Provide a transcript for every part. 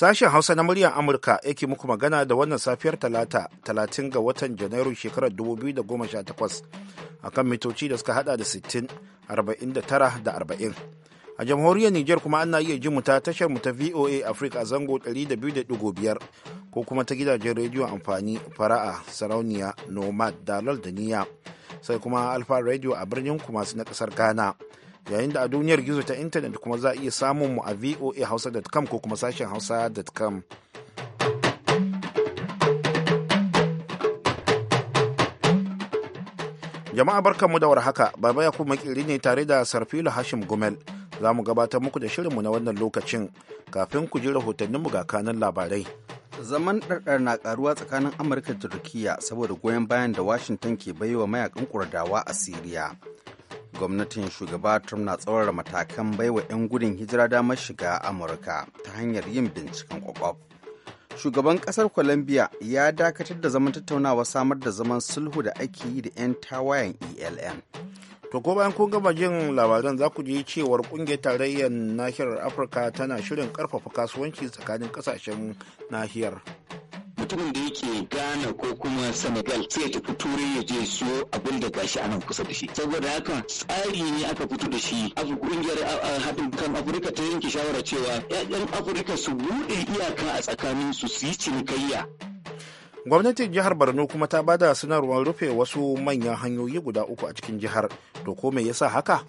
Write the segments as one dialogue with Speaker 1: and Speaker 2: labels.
Speaker 1: Sashen Hausa na muryar Amurka yake muku magana da wannan safiyar Talata, talatin ga watan Janairu shekarar 2018 kan mitoci da suka hada da 60, arba'in da 40. A jamhuriyar Nijar kuma ana iya ji mu ta tashar mu ta VOA Africa a zango 200.5 ko kuma ta gidajen rediyon amfani fara'a sarauniya nomad dalal da niya sai kuma alfa radio a birnin kuma na kasar Ghana. yayin da a duniyar gizo ta intanet kuma za a iya samun mu a voa hausa.com ko kuma sashen hausa.com jama'a barkanmu da haka baba ya kuma kiri ne tare da sarfilo hashim gumel
Speaker 2: za mu gabatar muku da shirinmu na wannan lokacin kafin ku ji rahotanninmu ga kanan labarai zaman ɗarɗar na ƙaruwa tsakanin amurka da turkiya saboda goyon bayan da washington ke baiwa mayakan kurdawa a siriya gwamnatin shugaba Trump na tsawara matakan baiwa 'yan gudun hijira damar shiga Amurka ta hanyar yin binciken kwakwaf. Shugaban ƙasar Colombia ya dakatar da zaman tattaunawa samar da zaman sulhu da ake yi da 'yan tawayen ELN. To ko bayan kun gama jin labaran za ku ji cewar
Speaker 1: kungiyar tarayyar nahiyar Afirka tana shirin karfafa kasuwanci tsakanin kasashen nahiyar.
Speaker 2: mutumin da yake Ghana ko kuma Senegal sai ta tafi turai ya je siyo abin da gashi a nan kusa da shi saboda haka tsari ne aka fito da shi a kungiyar haɗin kan Afirka ta yanke shawara cewa 'ya'yan Afirka su buɗe iyaka a tsakanin
Speaker 3: su su yi cinikayya
Speaker 1: gwamnatin jihar borno kuma ta bada sanarwar rufe wasu manyan hanyoyi guda uku a cikin jihar to ko me yasa haka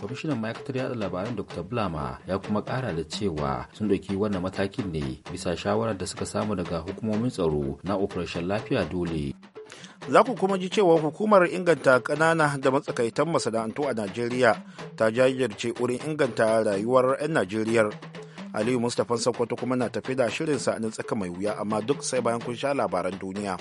Speaker 1: kwamishinan
Speaker 4: ma'aikatar yada labaran dr blama ya kuma kara da cewa sun ɗauki wannan matakin ne
Speaker 1: bisa shawarar da suka samu daga hukumomin tsaro na operation lafiya dole za ku kuma ji cewa hukumar inganta ƙanana da matsakaitan masana'antu a najeriya ta jajirce wurin inganta rayuwar 'yan najeriya aliyu mustapha sokoto kuma na tafi da shirinsa na tsaka mai wuya amma duk sai bayan kun sha labaran duniya.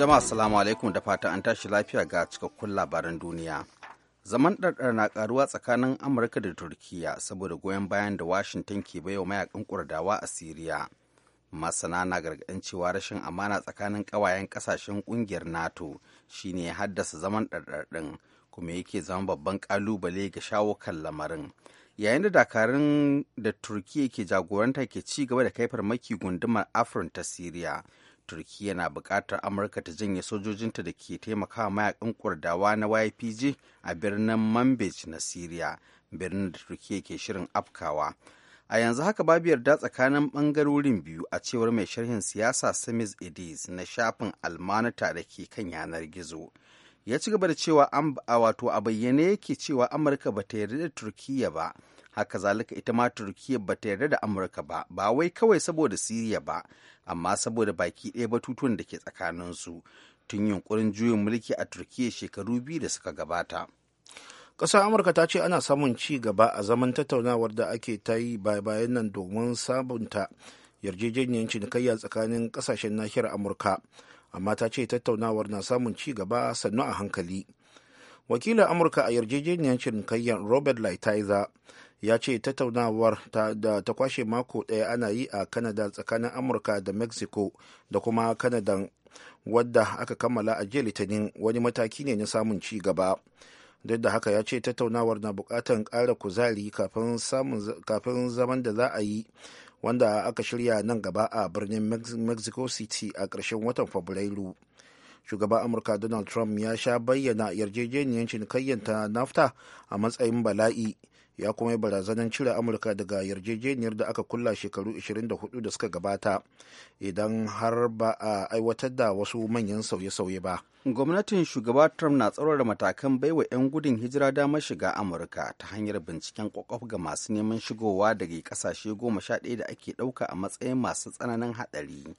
Speaker 2: jama'a salamu alaikum da fata an tashi lafiya ga cikakkun labaran duniya zaman ɗarɗar na ƙaruwa tsakanin amurka da turkiya saboda goyon bayan da washington ke baiwa mayakan kurdawa a siriya masana na gargaɗin cewa rashin amana tsakanin ƙawayen ƙasashen ƙungiyar nato shine ya haddasa zaman ɗarɗar ɗin kuma yake zama babban ƙalubale ga shawo kan lamarin yayin da dakarun da turkiya ke jagoranta ke ci gaba da kai farmaki gundumar afirin ta siriya turkiya na bukatar amurka ta janye sojojinta da ke taimakawa mayakan kurdawa na ypg a birnin manbij na siriya birnin da turkiya ke shirin afkawa a yanzu haka babu yarda tsakanin ɓangarorin biyu a cewar mai sharhin siyasa samis edis na shafin almanata da ke kan yanar gizo ya ci gaba da cewa a wato a bayyane yake cewa amurka ba ta yarda da turkiya ba haka zalika ita ma turkiyya ba ta yarda da amurka ba ba wai kawai saboda siriya ba amma saboda baki ɗaya batutuwan da ke tsakanin su tun yunkurin juyin mulki a turkiyya shekaru biyu da suka gabata ƙasar amurka ta
Speaker 1: ce ana samun ci gaba a zaman tattaunawar da ake ta yi bayan nan domin sabunta yarjejeniyar cinikayya tsakanin ƙasashen nahiyar amurka amma ta ce tattaunawar na samun ci gaba sannu a hankali wakilin amurka a yarjejeniyar cinikayyar robert lighthizer ya ce tattaunawar da ta kwashe mako ɗaya ana yi a kanada tsakanin amurka da mexico da kuma kanada wadda aka kammala a jiya litinin wani mataki ne na samun ci gaba duk da haka ya ce tattaunawar na buƙatar kara kuzari kafin zaman da za a yi wanda aka shirya nan gaba a birnin mexico city a ƙarshen watan fabrairu shugaban amurka donald trump ya sha bayyana yarjejeniyancin kayyanta nafta a matsayin bala'i ya kuma yi barazanar cire amurka daga yarjejeniyar da aka kulla shekaru 24
Speaker 2: da suka gabata idan har ba a aiwatar da wasu manyan sauye-sauye ba gwamnatin shugaba trump na da matakan baiwa 'yan gudun hijira damar shiga amurka ta hanyar binciken kwakwaf ga masu neman shigowa daga kasashe goma sha ɗaya da ake ɗauka a matsayin masu tsananin haɗari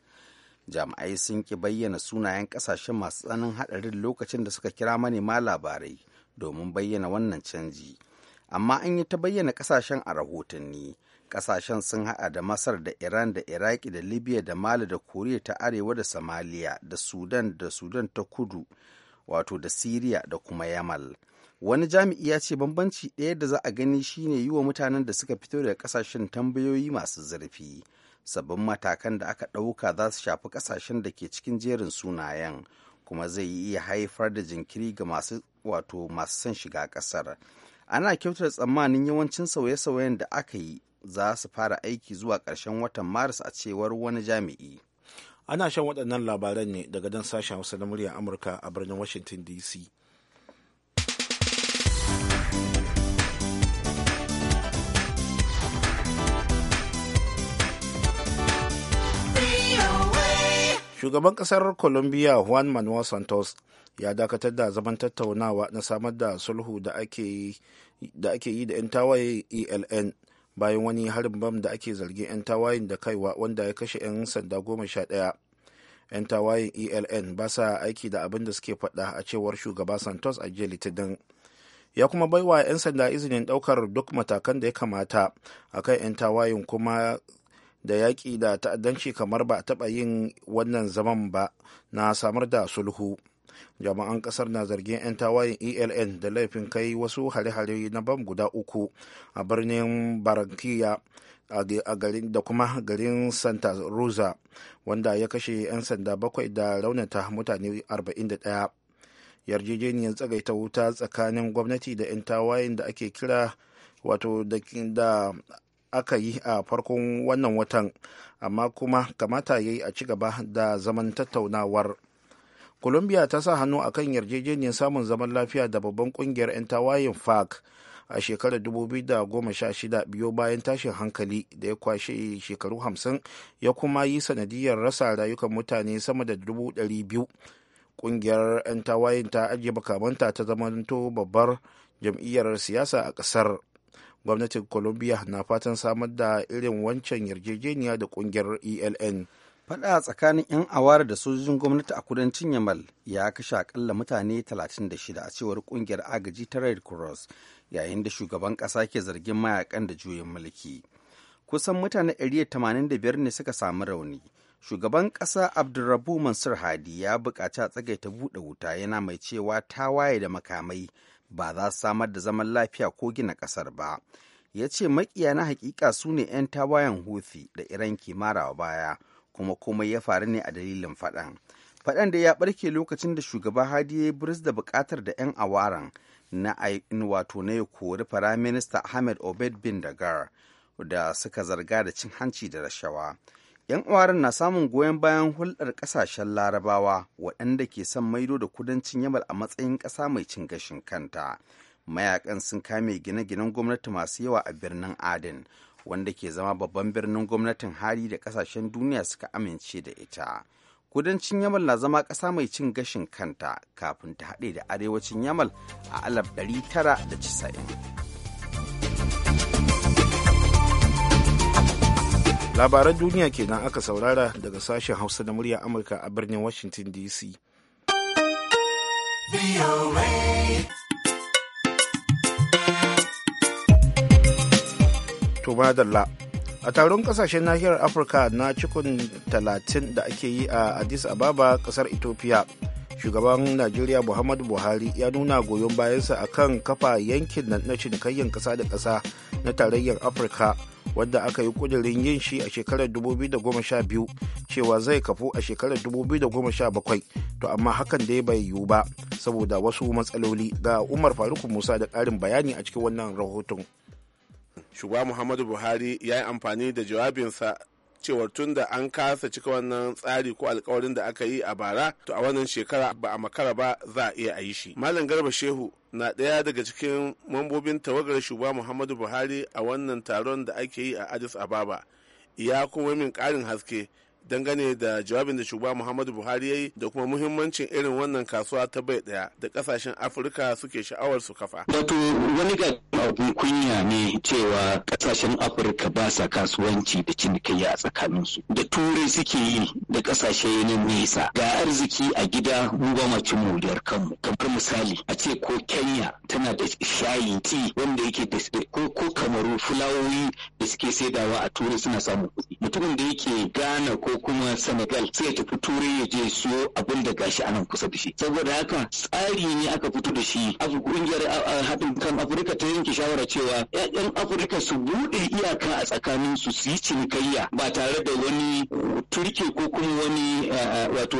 Speaker 2: jami'ai sun ki bayyana sunayen kasashen masu tsananin haɗarin lokacin da suka kira manema labarai domin bayyana wannan canji amma an yi ta bayyana kasashen a rahotanni kasashen sun haɗa da masar da iran da iraki da libya da mali da koriya ta arewa da somalia da sudan da sudan ta kudu wato da siriya da kuma yamal wani jami'i ya ce bambanci ɗaya da za a gani shine yi wa mutanen da suka fito daga kasashen tambayoyi masu zurfi sabbin matakan da aka ɗauka za su shafi kasashen da ke cikin jerin sunayen kuma zai iya haifar da jinkiri ga masu wato masu son shiga ƙasar ana kyautar tsammanin yawancin sauye-sauyen da aka yi za su fara aiki zuwa ƙarshen watan maris a cewar wani jami'i ana shan waɗannan labaran ne daga dan sashen hausa na muryar
Speaker 1: amurka a birnin washington dc shugaban ƙasar colombia juan manuel santos ya dakatar da zaman tattaunawa na samar da sulhu da ake yi da 'yan tawaye eln bayan wani harin bam da ake zargin 'yan tawayen da kaiwa wanda ya kashe 'yan sanda goma sha ɗaya 'yan tawayen eln ba sa aiki da abin da suke faɗa a cewar shugaba santos a jiya litinin ya kuma baiwa 'yan sanda izinin ɗaukar duk matakan da ya kamata a kan 'yan tawayen kuma da yaƙi da ta'addanci kamar ba a taɓa yin wannan zaman ba na samar da sulhu jami'an kasar na zargin 'yan tawayen eln da laifin kai wasu hare-hare na bam guda uku a birnin barankiya da kuma garin santa rosa wanda ya kashe 'yan sanda bakwai da raunata mutane 41 yarjejeniyar tsagaita wuta tsakanin gwamnati da 'yan tawayen da ake kira wato da aka yi a farkon wannan watan amma kuma kamata ya yi a ci gaba da zaman tattaunawar. colombia ta sa hannu akan yarjejeniyar samun zaman lafiya da babban kungiyar 'yan tawayen farc a shekarar 2016 biyo bayan tashin hankali da ya kwashe shekaru 50 ya kuma yi sanadiyar rasa rayukan mutane sama da 200,000 kungiyar 'yan tawayen ta ajiye makamanta ta zamanto babbar jam'iyyar siyasa a kasar gwamnatin colombia na fatan samar da irin wancan yarjejeniya da
Speaker 2: kungiyar eln Faɗa tsakanin 'yan awara da sojojin gwamnati a kudancin Yamal ya kashe akalla mutane 36 a cewar kungiyar agaji ta Red Cross yayin da shugaban ƙasa ke zargin mayakan da juyin mulki. Kusan mutane 185 ne suka samu rauni. Shugaban ƙasa Abdulrabu Mansur Hadi ya buƙaci a tsagaita buɗe wuta yana mai cewa tawaye da makamai ba za su samar da zaman lafiya ko gina ƙasar ba. Ya ce makiya na hakika su ne 'yan tawayen Houthi da Iran ke baya. kuma komai ya faru ne a dalilin faɗan faɗan da ya ɓarke lokacin da shugaba hadi ya yi da buƙatar da 'yan awaran na wato na ya kori firaminista ahmed obed bin dagar da suka zarga da cin hanci da rashawa 'yan awaran na samun goyon bayan hulɗar ƙasashen larabawa waɗanda ke son maido da kudancin yamal a matsayin ƙasa mai cin gashin kanta mayakan sun kame gine-ginen gwamnati masu yawa a birnin adin wanda ke zama babban birnin gwamnatin hali da kasashen duniya suka amince da ita kudancin yamal na zama ƙasa mai cin gashin kanta kafin ta haɗe da arewacin yamal a 990 labaran
Speaker 1: duniya kenan aka saurara daga sashen hausa da murya amurka a birnin washington dc to la a taron kasashen nahiyar afirka na cikin talatin da ake yi a addis ababa kasar ethiopia shugaban najeriya muhammadu buhari ya nuna goyon bayansa a kan kafa yankin na cinikayyar kasa da kasa na tarayyar afirka wadda aka yi kudirin yin shi a shekarar 2012 cewa zai kafu a shekarar 2017 to amma hakan dai bai yiwu ba saboda wasu matsaloli ga umar faruk musa da ƙarin bayani a cikin wannan
Speaker 3: rahoton shugaba muhammadu buhari ya yi amfani da jawabinsa cewar tun da an kasa cika wannan tsari ko alkawarin da aka yi a bara to a wannan shekara ba a makara ba za a iya a yi shi malam garba shehu na ɗaya daga cikin mambobin tawagar shugaba muhammadu buhari a wannan taron da ake yi a addis ababa ya kuma min ƙarin haske dangane da jawabin da shugaba muhammadu buhari ya yi da kuma muhimmancin irin wannan kasuwa ta bai daya da kasashen afirka suke sha'awar su kafa wato wani ga
Speaker 2: abun kunya ne cewa kasashen afirka ba sa kasuwanci da cinikayya a tsakanin su. da turai suke yi da kasashe na nesa ga arziki a gida mu ba ma ci moriyar kanmu kamar misali a ce ko kenya tana da shayi ti wanda yake da ko ko kamaru fulawoyi da suke saidawa a turai suna samun kuɗi mutumin da yake gana ko ko kuma Senegal sai ya tafi turai ya je siyo abin da gashi anan kusa da shi
Speaker 3: saboda haka tsari ne aka fito da shi a kungiyar haɗin kan Afirka ta yanke shawara cewa 'ya'yan Afirka su buɗe iyaka a tsakanin su su yi cinikayya ba tare da wani turke ko kuma wani wato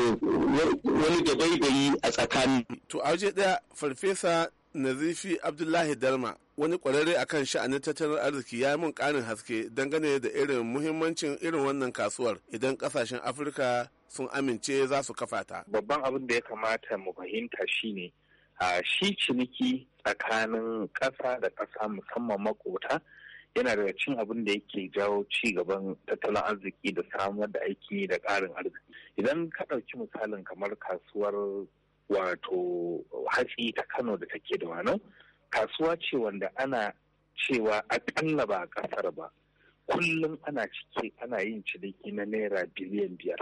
Speaker 3: wani dabaibayi a tsakanin. To a waje ɗaya farfesa nazifi abdullahi dalma wani kwararre akan sha'anin tattalin arziki ya yi mun karin haske dangane da irin muhimmancin irin wannan kasuwar idan kasashen afirka sun amince za su kafa ta babban abin da ya kamata
Speaker 5: mu fahimta shine a shi ciniki tsakanin ƙasa da ƙasa musamman makota yana daga cin abin da yake jawo ci gaban tattalin arziki da samar da aiki da ƙarin arziki idan ka ɗauki misalin kamar kasuwar wato hatsi ta kano da take da wano kasuwa ce wanda ana cewa kalla ba a kasar ba kullum ana cike ana yin ciniki na naira biliyan biyar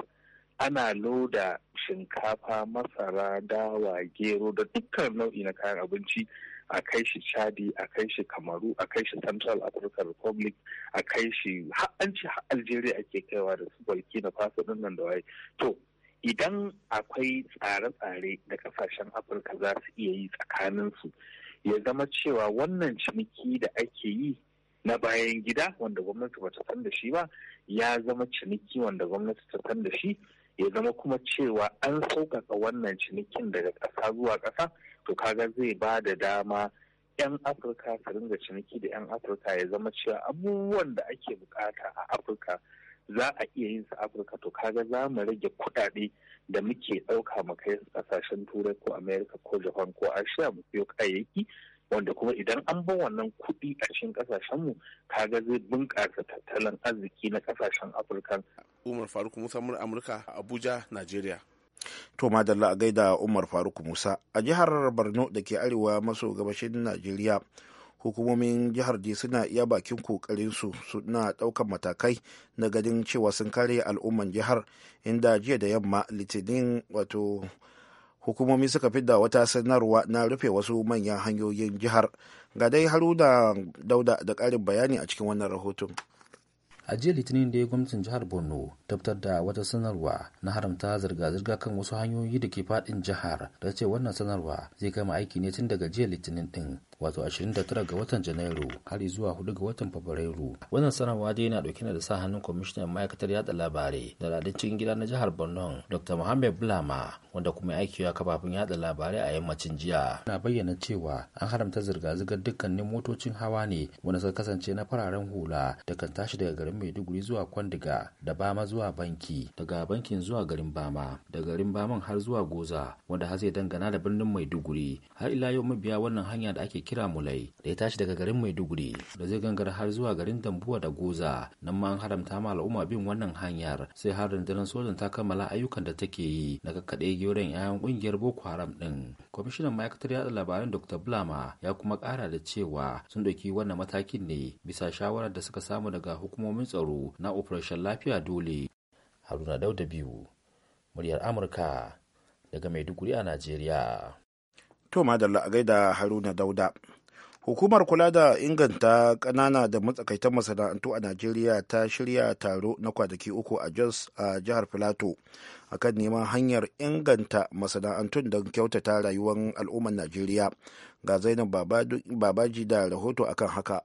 Speaker 5: ana loda shinkafa masara dawa gero da dukkan nau'i na kayan abinci a kai shi chadi a kai shi kamaru a kai shi central african republic a kai shi ha'anci har algeria ake kaiwa da su burkina faso din nan da waye to idan akwai tsare-tsare da kasashen afirka za su iya yi tsakaninsu ya zama cewa wannan ciniki da ake yi na bayan gida wanda gwamnati ba ta san da shi ba ya zama ciniki wanda gwamnati ta san da shi ya zama kuma cewa an sauƙaƙa wannan cinikin daga ƙasa zuwa ƙasa to kaga zai ba da dama 'yan afirka su ringa ciniki da 'yan afirka ya zama cewa abubuwan da ake bukata a afirka za a iya yin su afirka to kaga za mu rage kuɗaɗe da muke ɗauka mu kai ƙasashen turai ko amerika ko japan ko asiya mu siyo kayayyaki wanda kuma idan an bar wannan kuɗi a cikin mu kaga zai bunƙasa tattalin arziki na ƙasashen afirka
Speaker 3: umar faruk musa amurka abuja najeriya
Speaker 1: To madalla a gaida Umar Faruk Musa a jihar Borno da ke arewa maso gabashin Najeriya hukumomin jihar dai suna iya bakin kokarinsu suna daukan matakai na ganin cewa sun kare al'umman jihar inda jiya da yamma litinin wato hukumomi suka fidda wata sanarwa na rufe wasu manyan hanyoyin jihar ga dai haruna dauda da karin bayani a cikin wannan rahoton
Speaker 4: a jiya litinin da ya gwamnatin jihar borno tabbatar da wata sanarwa na haramta zirga-zirga kan wasu hanyoyi da ke fadin jihar da ce wannan sanarwa zai kama aiki ne tun daga jiya litinin din wato 29 ga watan janairu har zuwa 4 ga watan fabrairu wannan sanarwa dai na dauke da sa hannun kwamishinan ma'aikatar yada labarai da radin cikin gida na jihar borno dr mohammed bulama wanda kuma aiki ya kafafin yada labarai a yammacin jiya na bayyana cewa an haramta zirga-zirgar dukkanin motocin hawa ne wanda suka kasance na fararen hula da kan tashi daga garin maiduguri zuwa kwandiga da bama zuwa banki daga bankin zuwa garin bama da garin baman har zuwa goza wanda har zai dangana da birnin maiduguri har ila yau mabiya wannan hanya da ake kira mulai da ya tashi daga garin maiduguri da zai gangara har zuwa garin dambuwa da goza nan ma an haramta ma al'umma bin wannan hanyar sai har rundunar sojan ta kammala ayyukan da take yi na kakkaɗe gyoran 'ya'yan ƙungiyar boko haram ɗin kwamishinan ma'aikatar yada labaran dr blama ya kuma kara da cewa sun ɗauki wannan matakin ne bisa shawarar da suka samu daga hukumomin tsaro na operation lafiya dole haruna dauda biyu muryar amurka daga maiduguri a
Speaker 1: najeriya To madalla a gaida Haruna Dauda. Hukumar kula da inganta kanana da matsakaitan masana'antu a Najeriya ta shirya taro na kwanaki uku a Jos a jihar Filato akan neman hanyar inganta masana'antun don kyautata rayuwar al'ummar Najeriya. Ga Zainab Babaji da rahoto akan haka.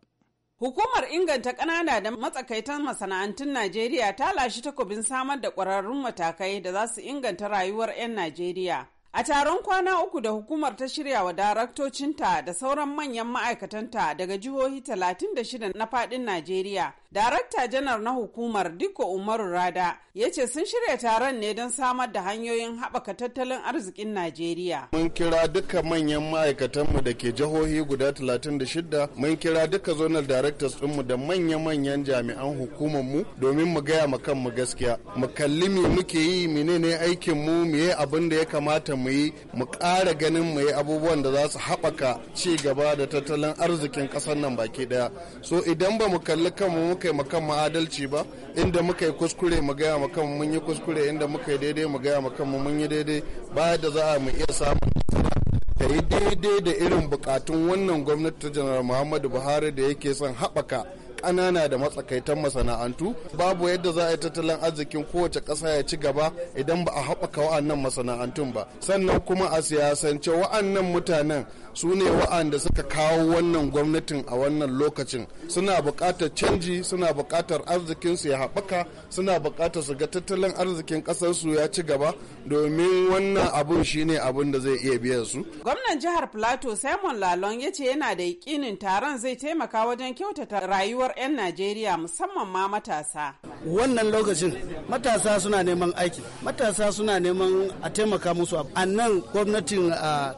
Speaker 6: Hukumar inganta kanana da matsakaitan masana'antun Najeriya ta lashi takobin samar da kwararrun matakai da za su inganta rayuwar 'yan Najeriya. A taron kwana uku da hukumar ta shirya wa daraktocinta da sauran manyan ma'aikatanta daga jihohi 36 na fadin Najeriya Darakta janar na hukumar Dikko Umaru Rada ya ce sun shirya taron ne don samar da hanyoyin haɓaka tattalin arzikin Najeriya.
Speaker 7: Mun kira duka manyan ma'aikatanmu da ke jihohi guda 36, mun kira duka zonal directors ɗinmu da manya-manyan jami'an hukumarmu domin mu gaya ma kanmu gaskiya. Mu kalli me muke yi, menene aikin mu, yi abin da ya kamata mu yi, mu ƙara ganin mu yi abubuwan da za su haɓaka ci gaba da tattalin arzikin ƙasar nan baki ɗaya. So idan ba mu kalli kanmu muka yi makan ma'adalci ba inda muka yi kuskure mu gaya makan mun yi kuskure inda muka yi daidai mu gaya makan mun yi daidai ba da za a mu iya samun ta yi daidai da irin bukatun wannan gwamnati ta janar muhammadu buhari da yake son haɓaka ƙanana da matsakaitan masana'antu babu yadda za a yi tattalin arzikin kowace ƙasa ya ci gaba idan ba a haɓaka wa'annan masana'antun ba sannan kuma a siyasance wa'annan mutanen su ne wa'anda suka kawo wannan gwamnatin a wannan lokacin suna buƙatar canji suna buƙatar arzikinsu ya haɓaka suna buƙatar su ga tattalin arzikin ƙasarsu ya ci gaba domin wannan abun shine abun da zai iya biyan su.
Speaker 6: gwamnan jihar plateau simon lalon ya ce yana da yakinin taron zai taimaka wajen kyautata rayuwar 'yan najeriya musamman ma matasa.
Speaker 7: wannan lokacin
Speaker 8: matasa suna neman aiki matasa suna neman a taimaka musu a nan gwamnatin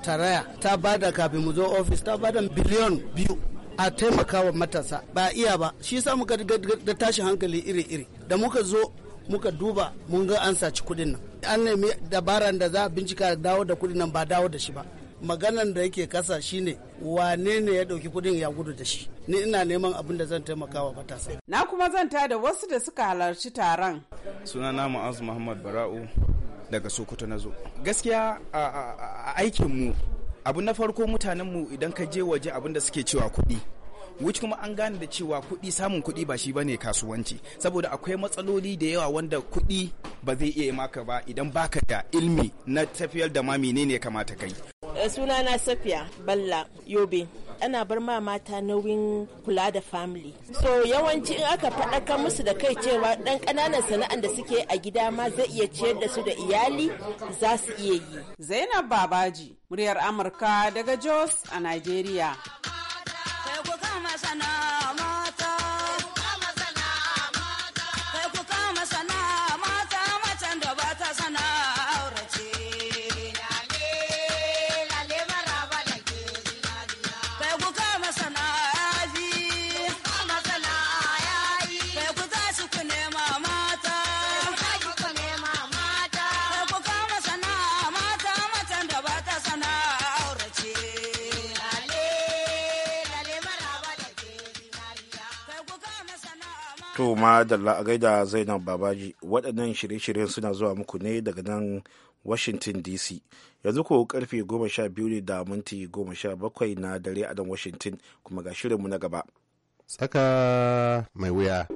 Speaker 8: tarayya ta bada ka kafin mu zo ofis ta bada biliyon biyu a taimakawa matasa ba iya ba shi sa muka da tashi hankali iri-iri da muka zo muka duba mun ga an saci kudin nan an nemi dabaran da za a bincika dawo da kudin nan ba
Speaker 6: dawo da shi ba maganan da yake kasa shine wane ne ya dauki kudin ya gudu da shi ni ina neman abin da zan taimaka wa matasa na kuma zan ta da wasu da suka halarci taron
Speaker 8: sunana mu'azu muhammad bara'u daga sokoto na zo
Speaker 6: gaskiya a
Speaker 8: aikin mu abu na farko mutanen mu idan ka je waje abin da suke cewa kuɗi wuci kuma an gane da cewa kuɗi samun kuɗi ba shi bane kasuwanci saboda akwai matsaloli da yawa wanda kuɗi ba zai iya maka ba idan baka da ilmi na tafiyar da ma menene kamata
Speaker 2: kai
Speaker 6: eh, sunana safiya balla yobe ana bar ma mata nauyin kula da family so yawanci in aka faɗaka musu da kai cewa ɗan ƙananan sana'an da suke a gida ma zai iya ciyar da su da iyali za su iya yi zainab babaji muryar amurka daga jos a nigeria
Speaker 1: To ma a gaida Zainab Babaji waɗannan shirye-shiryen suna zuwa muku ne daga nan Washington DC. Yanzu ko karfe goma sha biyu ne da minti goma sha bakwai na dare a nan Washington kuma ga shirinmu na gaba.
Speaker 9: Tsaka mai wuya.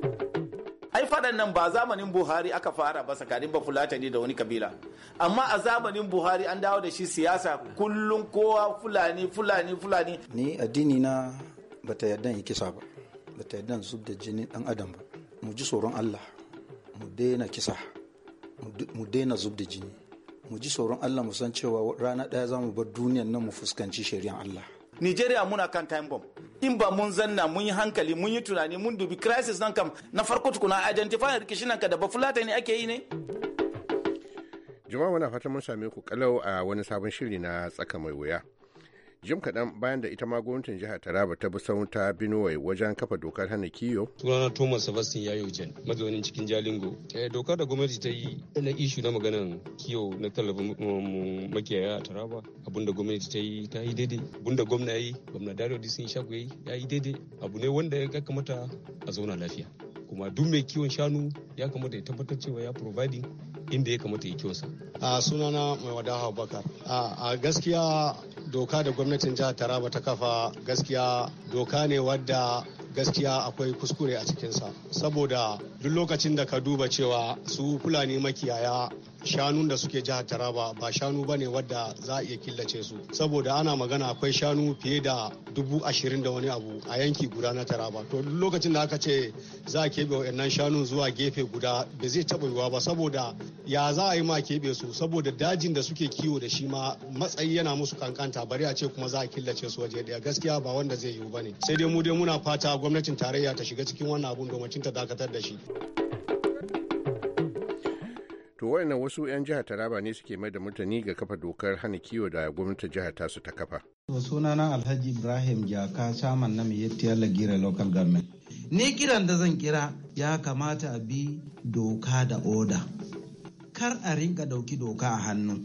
Speaker 9: Ai faɗan
Speaker 8: nan ba
Speaker 1: zamanin Buhari
Speaker 8: aka fara ba tsakanin ne da wani kabila. Amma a zamanin Buhari an dawo da shi siyasa kullum kowa Fulani Fulani Fulani.
Speaker 10: Ni addini na bata yarda yi kisa ba. Bata yarda zub da jinin ɗan adam ba. mu ji tsoron Allah mu daina kisa mu daina zub da jini mu ji tsoron Allah mu san cewa rana ɗaya za mu bar duniyan nan mu fuskanci shari'an Allah Nigeria muna kan time bomb in ba mun zanna
Speaker 8: mun yi hankali mun yi tunani mun dubi crisis nan kam na farko tukuna identify rikishin nan ka da bafulata ne ake yi ne
Speaker 9: Jama'a muna fatan mun same ku kalau a wani sabon shiri na tsaka mai wuya jim kaɗan bayan da ita ma gwamnatin jihar taraba ta bi ta binuwai wajen kafa dokar hana kiyo sunana thomas sebastian yayo jan mazaunin cikin jalingo eh, dokar
Speaker 11: da gwamnati ta yi na ishu na maganan kiyo na talabin makiyaya a taraba abinda gwamnati ta yi ta yi daidai abinda gwamna ya yi gwamna dario disin shago ya yi daidai abu ne wanda ya kamata a zauna lafiya kuma duk mai kiwon shanu ya kamata ya tabbatar cewa ya providing inda ya kamata ya kiwonsa. a ah, sunana mai wada bakar ah, a gaskiya doka da gwamnatin jihar taraba ta kafa gaskiya doka ne wadda gaskiya akwai kuskure a cikinsa saboda duk lokacin da ka duba cewa su fulani makiyaya shanun da suke jihar taraba ba shanu ba ne wadda za a iya killace su saboda ana magana akwai shanu fiye da dubu ashirin da wani abu a yanki guda na taraba to duk lokacin da aka ce za a keɓe wa shanun zuwa gefe guda ba zai taɓa yiwuwa ba saboda ya za a yi ma keɓe su saboda dajin da suke kiwo da shi ma matsayi yana musu kankanta ma'aikata bari a ce kuma za a killace su waje daya gaskiya ba wanda zai yiwu bane sai dai mu dai muna fata gwamnatin tarayya ta shiga cikin wannan abun domin ta dakatar da shi
Speaker 9: to wayannan wasu 'yan jihar taraba ne suke mai da mutane ga kafa dokar hana kiwo da gwamnatin jihar tasu ta kafa
Speaker 10: to sunana alhaji ibrahim jaka saman na miyattiyar lagira local government ni kiran da zan kira ya kamata a bi doka da oda kar a rinka dauki doka a hannu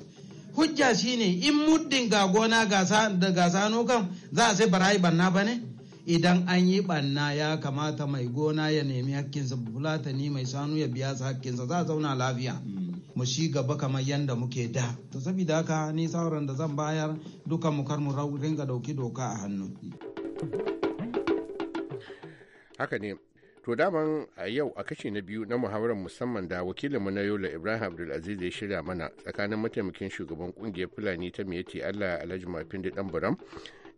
Speaker 10: hujja shine in muddin ga gona da gasano kan za a sai barayi banna ba ne idan an yi banna ya kamata mai gona ya nemi hakkinsa ni mai sanu ya biya su hakkinsa za a zauna lafiya mu shi gaba kamar yadda muke da to saboda haka ni sauran da zan bayar dukan mu kar mu ringa dauki doka a hannu
Speaker 9: haka ne To daman a yau a kashi na biyu na muhawarar musamman da wakilinmu na Yola Ibrahim Abdulaziz ya shirya mana tsakanin mataimakin shugaban kungiyar Fulani ta Miyati Allah Alhaji Mafindi Dan Buram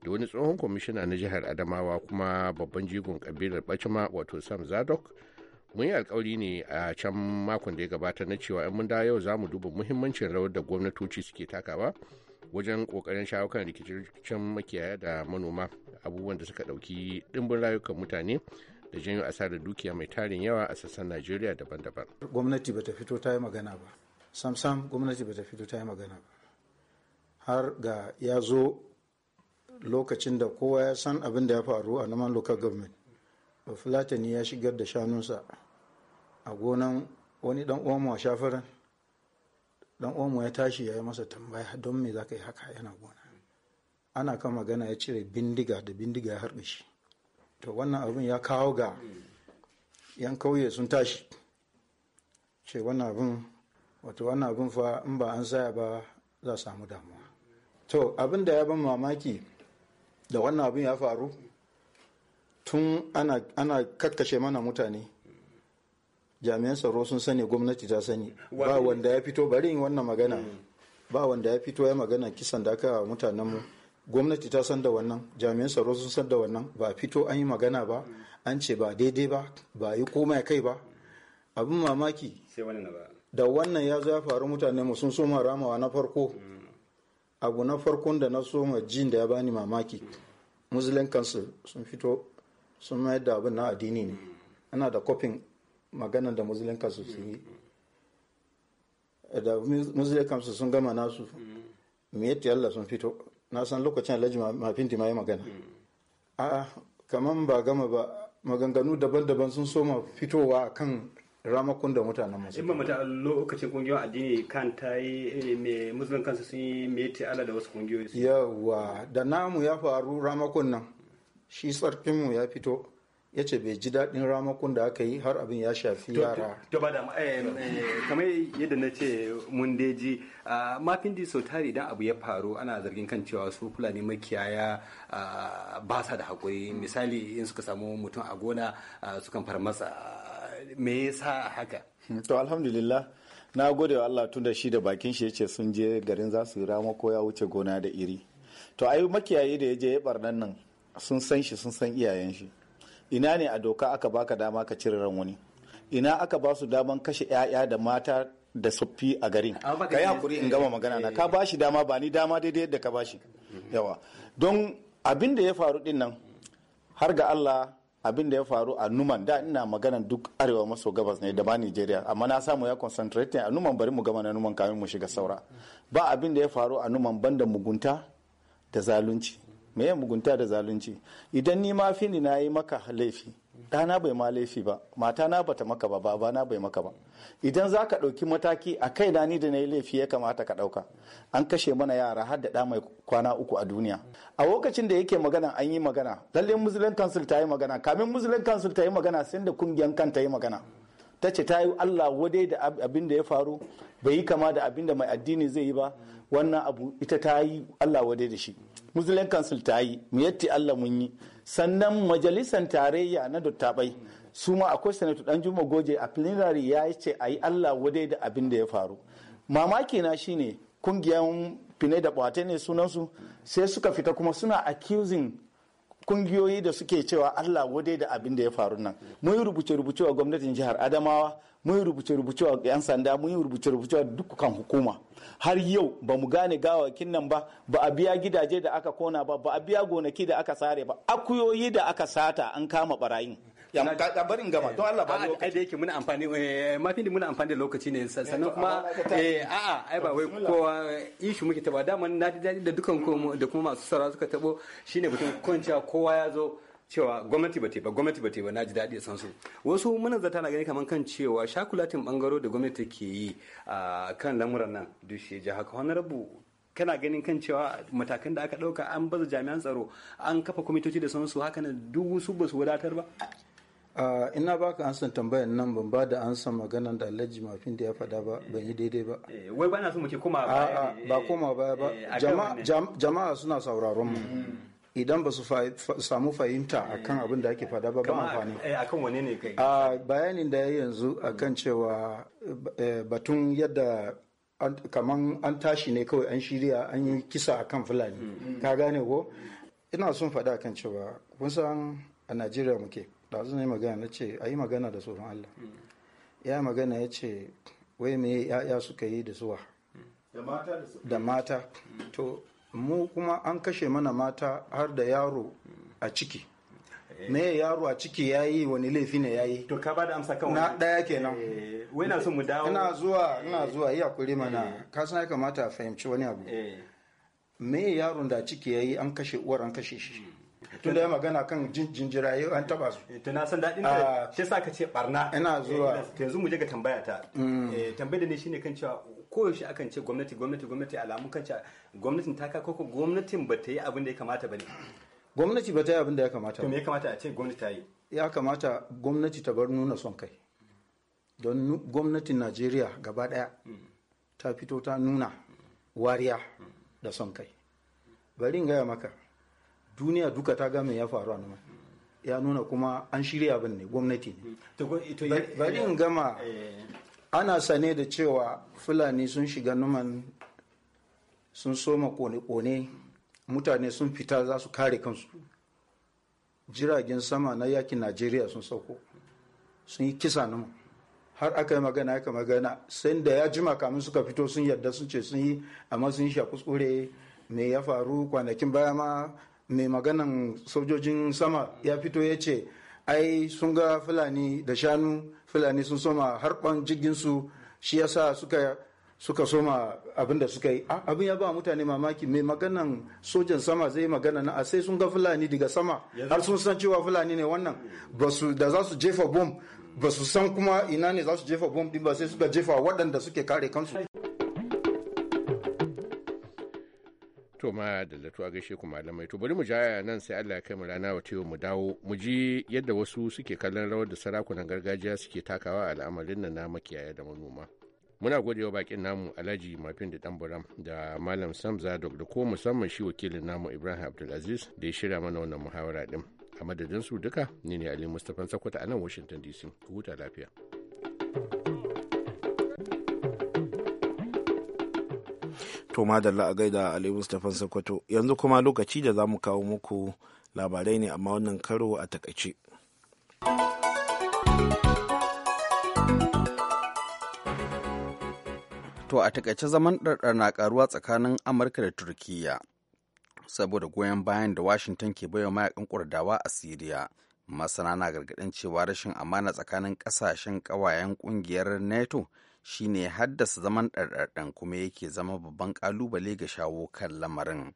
Speaker 9: da wani tsohon kwamishina na jihar Adamawa kuma babban jigon kabilar Bacima wato Sam Zadok. Mun yi alkawari ne a can makon da ya gabata na cewa in mun da yau za mu duba muhimmancin rawar da gwamnatoci suke takawa wajen kokarin shawo kan rikicin makiyaya da manoma abubuwan da suka dauki dimbin rayukan mutane da janyo asarar dukiya mai tarin yawa a sassan najeriya daban-daban gwamnati bata
Speaker 10: fito ta yi magana ba sam-sam gwamnati bata fito ta yi magana ba har ga ya zo lokacin da kowa ya san abin da ya faru a naman local government fulatani ya shigar da shanunsa a gonan wani dan uwanmu a shafaran dan uwanmu ya tashi ya yi masa tambaya don me za ka yi haka yana gona ana kan magana ya cire bindiga da bindiga ya harbe shi to wannan abin ya kawo ga yan kauye sun tashi ce wannan abin wato wannan abin fa in ba an saya ba za a samu damuwa to abin da ya ban mamaki da wannan abin ya faru tun ana, ana kakkashe mana mutane jami'an tsaro sun sani gwamnati ta sani ba wanda ya fito bari wannan magana ba wanda ya fito ya magana kisan da aka mutanenmu gwamnati ta san da wannan jami'an tsaro sun san da wannan ba fito an yi magana ba an ce ba daidai ba ba yi komai kai ba abin mamaki da wannan ya zo ya faru mutane mu sun soma ramawa na farko abu na farkon da na soma jin da ya bani mamaki muslim council sun fito sun mayar da abin na addini ne ana da kofin maganar da muslim council sun yi da muslim council sun gama nasu me yadda sun fito na san lokacin alhaji mafinti ma yi magana mm. a'a kaman ba gama ba maganganu daban-daban sun soma fitowa a kan ramakon da mutanen masu
Speaker 11: ba mata lokacin kungiyar addini kan ta yi eh, mai musulun kansu sun yi meti ala da wasu kungiyoyi
Speaker 10: yawa da namu ya faru ramakun nan shi tsarkinmu ya fito ya ce bai ji daɗin ramakun da aka yi har abin ya shafi yara.
Speaker 11: To ba da eh, eh, kamar yadda na ce mun ji ah, mafin di sau tari idan abu ya faru ana zargin kan cewa su fulani makiyaya ah, ba sa da haƙuri misali in suka samu mutum a gona ah, su kan far masa me yasa haka.
Speaker 8: To alhamdulillah na gode wa Allah tun da shi da bakin shi yace sun je garin za su ramako ya wuce gona da iri. To ai makiyayi da ya je ya barnan nan sun san shi sun san iyayen shi. ina ne a doka aka baka dama ka cire ran wani ina aka ba su daman kashe 'ya'ya da mata da suffi a garin ka yi hakuri in gama magana na eh. ka ba shi dama ba ni dama daidai yadda ka ba shi mhm. yawa don abin da ya faru din nan har ga Allah abin da ya faru a numan da ina magana duk arewa maso gabas ne da ba Nigeria amma na samu ya concentrate a numan bari mu gama na numan kamin mu shiga saura ba abin da ya faru a numan banda mugunta da zalunci me mugunta da zalunci idan ni ma fini na yi maka laifi ɗana bai ma laifi ba mata na bata maka ba baba na bai maka ba idan za ka ɗauki mataki a kai na ni da na yi laifi ya kamata ka ɗauka an kashe mana yara har da ɗa mai kwana uku a duniya a lokacin da yake magana an yi magana lalle muslim council ta yi magana kamin muslim council ta yi magana sai da kungiyan kan ta yi magana ta ce ta yi allah wadai da abin da ya faru bai yi kama da abin da mai addini zai yi ba wannan abu ita ta yi allah wadai da shi muslim council ta yi mu yatti allah mun yi sannan majalisan tarayya na dottabai su ma akwai sanatu dan juma goje a plenary ya yi ce a yi allah wadai da abin da ya faru mamaki na shine kungiyan finai da bwate ne sunansu sai suka fita kuma suna accusing kungiyoyi da suke cewa allah wadai da abin da ya faru nan mun rubuce-rubuce wa gwamnatin jihar adamawa mun rubuce-rubuce wa 'yan sanda mun yi rubuce-rubuce wa dukkan hukuma har yau ba mu gane gawakin nan ba ba a biya gidaje da aka kona ba ba a biya gonaki da aka sare ba akuyoyi da aka sata an kama
Speaker 11: barayin ya barin gama don Allah ba lokaci ai da yake muna amfani eh, mafi da muna amfani da lokaci ne sannan kuma eh, a'a ai ba wai kowa eh, ishu muke taba daman na da dukan da kuma masu saurara suka tabo shine mutum kwanciya kowa ya zo cewa gwamnati ba ba gwamnati ba ba na ji daɗi san su wasu manazarta na gani kamar kan cewa shakulatin bangaro da gwamnati ke yi a kan lamuran nan dushe ji haka wani rabu kana ganin kan cewa matakan da aka ɗauka an baza jami'an tsaro an kafa kwamitoci da sansu haka na duk su ba su wadatar ba
Speaker 10: ina baka ansan tambayan nan ban ba da ansan maganan da alhaji mafin da ya faɗa ba ban yi daidai ba eh, eh, wai ba na so muke ce koma ba ba koma ba ba eh, jama'a suna sauraron mu mm-hmm. idan ba su samu fahimta akan abin da ake fada
Speaker 11: ba ba amfani eh,
Speaker 10: a bayanin da ya yanzu a kan cewa eh, batun yadda kaman an tashi ne kawai an shirya an yi kisa akan fulani mm-hmm. ka gane ko ina son faɗa kan cewa kun san a najeriya muke da yi magana na ce a yi magana da tsoron allah mm. ya magana ya ce wai me ya'ya suka yi da zuwa
Speaker 8: mm. da
Speaker 10: mata mm. to mu kuma an kashe mana mata har da yaro a ciki
Speaker 8: eh. me yaro
Speaker 10: a ciki ya yi wani laifi ne ya yi to ka bada amsa kan na daya kenan eh, wai son mu dawo ina zuwa ina eh. zuwa iya kuri mana ka san ya kamata a fahimci wani abu me yaro da ciki ya yi an kashe uwar an kashe shi hmm. tun da ya magana kan jinjira yau an taba
Speaker 11: su to na san dadin da ah. shi sa ka ce barna ina zuwa yanzu mu je ga tambaya ta hmm. tambayar da ne shine kan cewa koyaushe akan ce gwamnati gwamnati gwamnati alamun kan ce. gwamnatin ta ka koko gwamnatin ba ta yi abin da ya kamata ba ne
Speaker 10: gwamnati ba ta yi abin da ya kamata to me ya
Speaker 11: kamata a ce gwamnati ta yi
Speaker 10: ya kamata gwamnati ta bar nuna son kai don gwamnatin najeriya gaba daya ta fito ta nuna wariya da son kai bari in gaya maka duniya duka ta ga me ya faru a nan ya nuna kuma an shirya abin ne gwamnati
Speaker 11: ne bari in gama eh.
Speaker 10: ana sane da cewa fulani sun shiga numan sun soma kone-kone mutane sun fita za su kare kansu jiragen sama na yakin najeriya sun sauko sun yi kisa numan har aka yi magana aka magana sai da ya jima kamun suka fito sun yarda sun ce sun yi amma sun sha kuskure me ya faru kwanakin baya ma mai maganan sojojin sama ya fito ya ce ai sun ga fulani da shanu fulani sun soma harban jirginsu shi yasa suka suka soma abin da suka yi abin ya ba mutane mamaki mai maganan sojan sama zai yi magana na a sai sun ga fulani daga sama har sun san cewa fulani ne wannan da za su jefa bom ba su san kuma ina ne za su jefa bom din ba sai suka jefa waɗanda suke kare kansu
Speaker 9: to ma da zato a gaishe ku malamai to bari mu ja nan sai Allah ya kai mu rana wa tewa mu dawo mu ji yadda wasu suke kallon rawar da sarakunan gargajiya suke takawa a al'amarin nan na makiyaya da manoma muna godewa bakin namu Alhaji Mafin da Damburam da Malam Sam Zadok da ko musamman shi wakilin namu Ibrahim Abdulaziz da ya shirya mana wannan muhawara din a madadin su duka ni ne Ali Mustapha Sakwata a nan Washington DC ku huta lafiya thank you
Speaker 1: To madalla a gaida Ali Mustapha Sokoto yanzu kuma lokaci da zamu kawo muku labarai ne amma wannan karo a takaice.
Speaker 2: To a takaice zaman ɗarɗar na ƙaruwa tsakanin Amurka da Turkiyya saboda goyon bayan da Washington ke baiwa mayakan kurdawa a Siriya. Masana na gargaɗin cewa rashin amana tsakanin ƙasashen ƙawayen ƙungiyar NATO shi ne haddasa zaman ɗarɗarɗan kuma yake zama babban ƙalubale ga shawo kan lamarin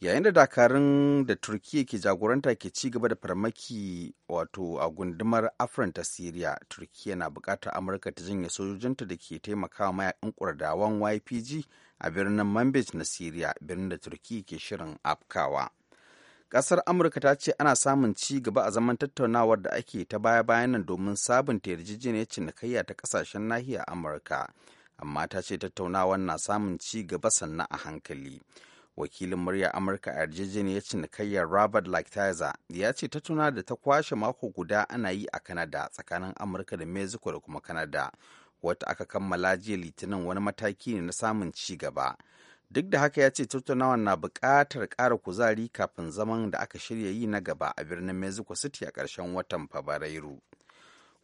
Speaker 2: yayin da dakarun da turkiya ke jagoranta ke ci gaba da farmaki wato a gundumar afran ta siriya turkiya na bukatar amurka ta janye sojojinta da ke taimakawa mayakan kurdawan ypg a birnin manbij na siriya birnin da turkiya ke shirin afkawa Ƙasar Amurka ta ce ana samun ci gaba a zaman tattaunawar da ake ta baya-bayan nan domin sabunta yarjejeniyar cinikayya ta ƙasashen nahiyar Amurka, amma ta ce tattaunawar na samun ci gaba sannan a hankali. wakilin muryar amurka a yarjejeniyar cinikayyar robert lighthizer ya ce ta da ta kwashe mako guda ana yi a kanada tsakanin amurka da mexico da kuma kanada wata aka kammala jiya litinin wani mataki ne na samun ci gaba duk da haka ya ce tattaunawa na buƙatar ƙara kuzari kafin zaman da aka shirya yi na gaba a birnin mexico city a ƙarshen watan fabrairu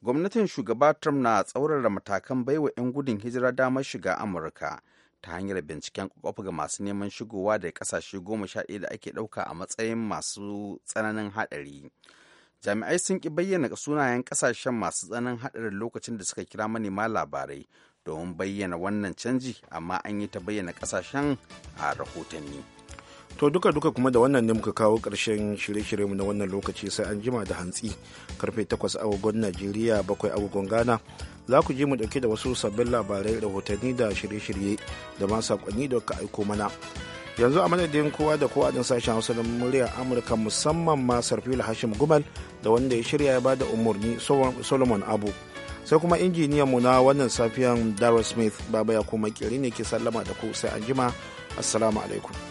Speaker 2: gwamnatin shugaba trump na tsaurara matakan baiwa 'yan gudun hijira damar shiga amurka ta hanyar binciken kwakwafa ga masu neman shigowa da kasashe goma sha da ake ɗauka a matsayin masu tsananin haɗari jami'ai sun ƙi bayyana sunayen ƙasashen masu tsananin haɗarin lokacin da suka kira manema labarai domin bayyana wannan canji amma an yi ta bayyana kasashen a rahotanni
Speaker 1: to duka duka kuma da wannan ne muka kawo ƙarshen shirye-shiryenmu na wannan lokaci sai an jima da hantsi karfe 8 agogon najeriya 7 agogon ghana za ku je mu dauke da wasu sabbin labarai rahotanni da shirye-shirye da ma sakonni da ka aiko mana yanzu a madadin kowa da kowa din sashen hausa da muryar amurka musamman ma sarfila hashim gumal da wanda ya shirya ya bada umarni solomon abu sai kuma mu na wannan safiyan darrell smith baba ya kuma kiri ne ke sallama da ku sai anjima assalamu alaikum